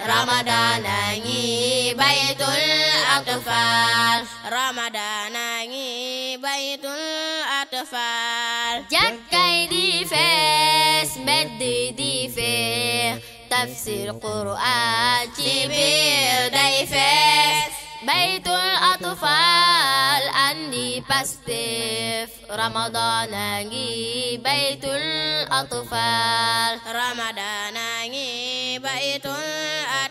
ramadana ngi baytul atfal ramadana di fees mbedd di feex tafsir qur'an ci biir day fees baytul atfal pastif ramadana ngi baytul atfal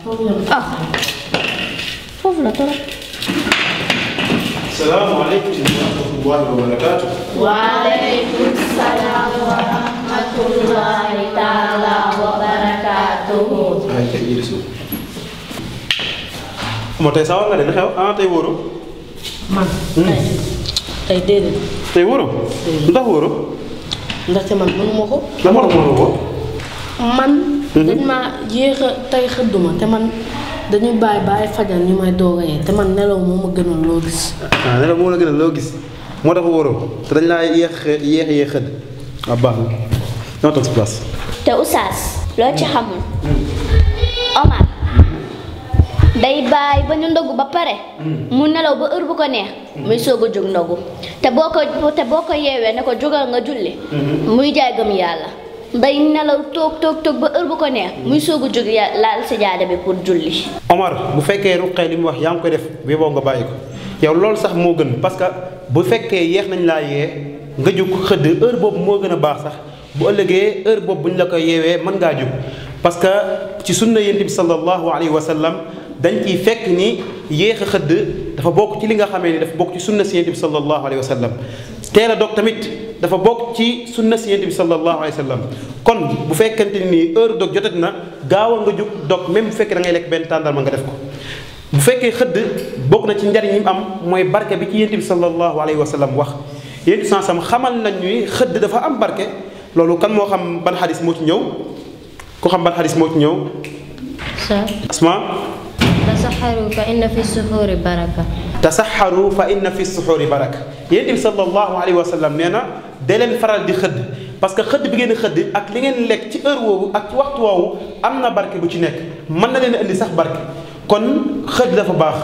Ah. Foofu la torop. salaamaaleykum wa rahmatullahi wa barakaatu. waaleykum salaam wa rahmatullahi taala wa barakaatu. ay kay jëli suuf. moo tey sawar nga de li xew ah tey wóoru. man. Hmm. tey déedéet. tey wóoru. ndax wóoru. ndaxte man mënuma ko. la mënuma ko. man. Mhm. dañ maa yéex tey xëdduma te man dañu bàyyi bàyyi fajal ñu may doog te man nelaw moo ma gënal loo gis. ah nelaw moo la gënal loo gis moo tax waroo te dañ laa yéex yéex yéex xëdd ah baax na loo ci xamul Omar day bàyyi ba ñu ndogu ba pare mm. mu nelaw ba heure bu ko neex mm. muy soog jóg ndogu te boo ko te boo ko yeewee ne ko jógal nga julli mm-hmm. muy jaay gëm yàlla. bay nelaw toog toog toog ba heure bu ko neex muy soog a jóg laal si jaada bi pour julli. Omar bu fekkee ruqee li mu wax yaa ngi koy def bi boo nga bàyyi ko yow loolu sax moo gën parce que bu fekkee yeex nañ laa yee nga jóg xëdd heure boobu moo gën a baax sax bu ëllëgee heure boobu bu ñu la ko yeewee mën ngaa jóg parce que ci sunna yonent bi sallallahu alayhi wa sallam dañ ciy fekk ni yéex a xëdd dafa bokk ci li nga xamee ni dafa bokk ci sunna si yonent bi sallallahu alayhi wa sallam dafa bokk ci sunna si yonent bi sallallahu alayhi wa kon bu fekkente nii heure dog jotat na gaawal nga jóg dog même bu fekkee da ngay lekk benn tàndarma nga def ko bu fekkee xëdd bokk na ci njariñ yi mu am mooy barke bi ci yonent bi sallallahu alayhi wa sallam wax yonent bi sam xamal nañ ñuy xëdd dafa am barke loolu kan moo xam ban xadis moo ci ñëw ku xam ban xadis moo ci ñëw asma tasaxaru fa inna fi suxuuri baraka tasaxaru fa inna fi suxuuri baraka yonent bi sallallahu alayhi wa sallam nee na de leen faral di xëdd parce que xëdd bi ngeen xëdd ak li ngeen lekk ci heure woowu ak ci waxtu woowu am na barke bu ci nekk mën na leen indi sax barke kon xëdd dafa baax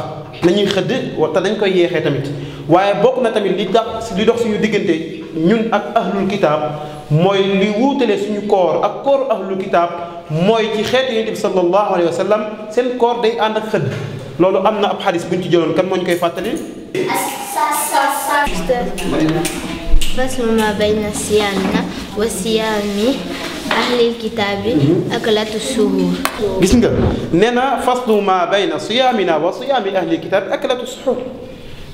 nañuy xëdd te dañ koy yéexee tamit waaye bokk na tamit li tax li dox suñu diggante ñun ak ahlul kitaab mooy li wuutale suñu koor ak kooru ahlul kitaab mooy ci xeetu yonent bi sallallahu alayhi wa sallam seen koor day ànd ak xëdd loolu am na ab xadis ñu ci jëloon kan moo ñu koy fàttali. faslu ma bayna siyaana wa siyaami ahlil kitaabi mhm. ak latu gis nga nee na faslu ma bayna siyaamina wa siyaami ahlil kitaabi ak latu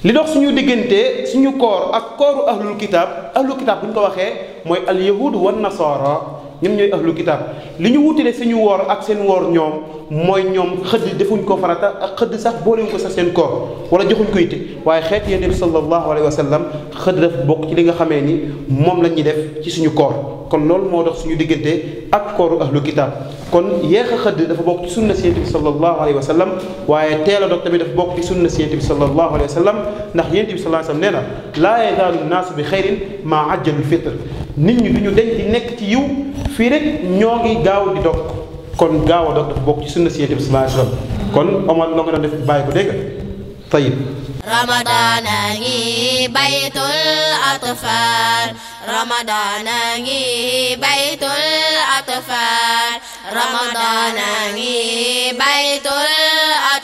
li dox suñu diggante suñu koor ak kooru ahlul kitaab ahlul kitaab bu ko waxee mooy al yahuud wa nasaara ñoom ñooy ahlu kitaab li ñu wutile suñu woor ak seen woor ñoom mooy ñoom xëdd defuñ ko farata ak xëdd sax boo boolewuñ ko sax seen koor wala joxuñ ko yitte waaye xeet yonent bi sallallahu alayhi wa sallam xëdd daf ci li nga xamee ni moom la ñuy def ci suñu koor kon loolu moo dox suñu diggante ak kooru ahlu kitaab kon yéex xëdd dafa bokk ci sunna si yonent bi sallallahu alayhi wa sallam waaye teel a dog tamit dafa bokk ci sunna si yonent bi sallallahu alayhi wa sallam ndax yonent bi sallallahu alayhi wa nee na laa yazaalu naasu bi xayrin maa ajjalul fitr nit ñi du ñu denc di nekk ci yiw fii rek ñoo ngi gaaw di dog kon gaaw a dog bokk ci sunna si bi sallallahu alayhi wa sallam kon Omar loo ko def bàyyi ko dégg nga tayib ramadaana ngi baytul atfal ramadaana ngi baytul atfal ramadaana ngi baytul